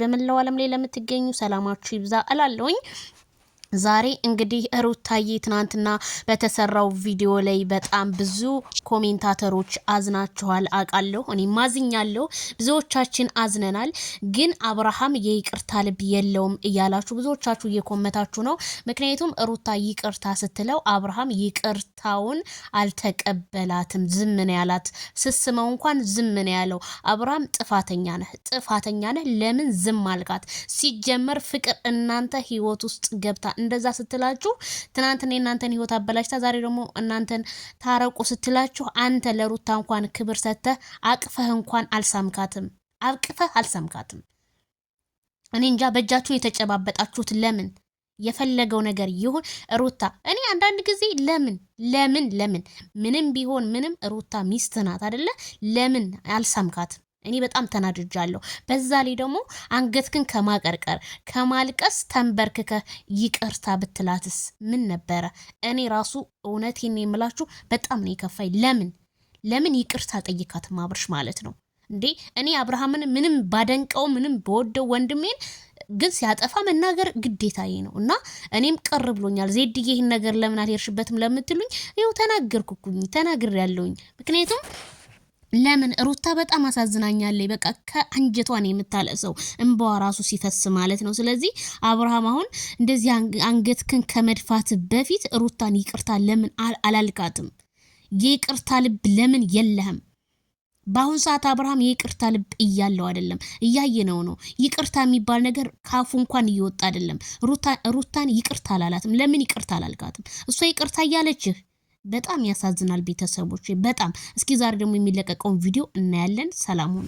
በመላው ዓለም ላይ ለምትገኙ ሰላማችሁ ይብዛ እላለሁኝ። ዛሬ እንግዲህ ሩታዬ ትናንትና በተሰራው ቪዲዮ ላይ በጣም ብዙ ኮሜንታተሮች አዝናችኋል፣ አውቃለሁ፣ እኔም አዝኛለሁ፣ ብዙዎቻችን አዝነናል። ግን አብርሃም የይቅርታ ልብ የለውም እያላችሁ ብዙዎቻችሁ እየኮመታችሁ ነው። ምክንያቱም ሩታ ይቅርታ ስትለው አብርሃም ይቅርታውን አልተቀበላትም፣ ዝም ነው ያላት። ስስመው እንኳን ዝም ነው ያለው። አብርሃም ጥፋተኛ ነህ፣ ጥፋተኛ ነህ፣ ለምን ዝም አልካት? ሲጀመር ፍቅር እናንተ ህይወት ውስጥ ገብታ እንደዛ ስትላችሁ ትናንትና የእናንተን ህይወት አበላሽታ ዛሬ ደግሞ እናንተን ታረቁ ስትላችሁ አንተ ለሩታ እንኳን ክብር ሰጥተህ አቅፈህ እንኳን አልሳምካትም፣ አቅፈህ አልሳምካትም። እኔ እንጃ በእጃችሁ የተጨባበጣችሁት ለምን? የፈለገው ነገር ይሁን ሩታ። እኔ አንዳንድ ጊዜ ለምን ለምን ለምን ምንም ቢሆን ምንም ሩታ ሚስት ናት አይደለ? ለምን አልሳምካትም? እኔ በጣም ተናድጃለሁ። በዛ ላይ ደግሞ አንገትክን ከማቀርቀር ከማልቀስ ተንበርክከ ይቅርታ ብትላትስ ምን ነበረ? እኔ ራሱ እውነቴን የምላችሁ በጣም ነው የከፋኝ። ለምን ለምን ይቅርታ ጠይካት ማብርሽ ማለት ነው እንዴ? እኔ አብርሃምን ምንም ባደንቀው ምንም በወደው ወንድሜን ግን ሲያጠፋ መናገር ግዴታዬ ነው እና እኔም ቅር ብሎኛል። ዜድዬ ይህን ነገር ለምን አልሄድሽበትም ለምትሉኝ ይኸው ተናገርኩኩኝ ተናግሬያለሁኝ ምክንያቱም ለምን ሩታ በጣም አሳዝናኛለች። በቃ ከአንጀቷን የምታለሰው እንባዋ ራሱ ሲፈስ ማለት ነው። ስለዚህ አብርሃም አሁን እንደዚህ አንገትክን ከመድፋት በፊት ሩታን ይቅርታ ለምን አላልካትም? የይቅርታ ልብ ለምን የለህም? በአሁን ሰዓት አብርሃም የይቅርታ ልብ እያለው አይደለም፣ እያየነው ነው። ይቅርታ የሚባል ነገር ካፉ እንኳን እየወጣ አይደለም። ሩታን ይቅርታ አላላትም። ለምን ይቅርታ አላልካትም? እሷ ይቅርታ እያለችህ በጣም ያሳዝናል ቤተሰቦች፣ በጣም እስኪ ዛሬ ደግሞ የሚለቀቀውን ቪዲዮ እናያለን። ሰላም ሁኑ።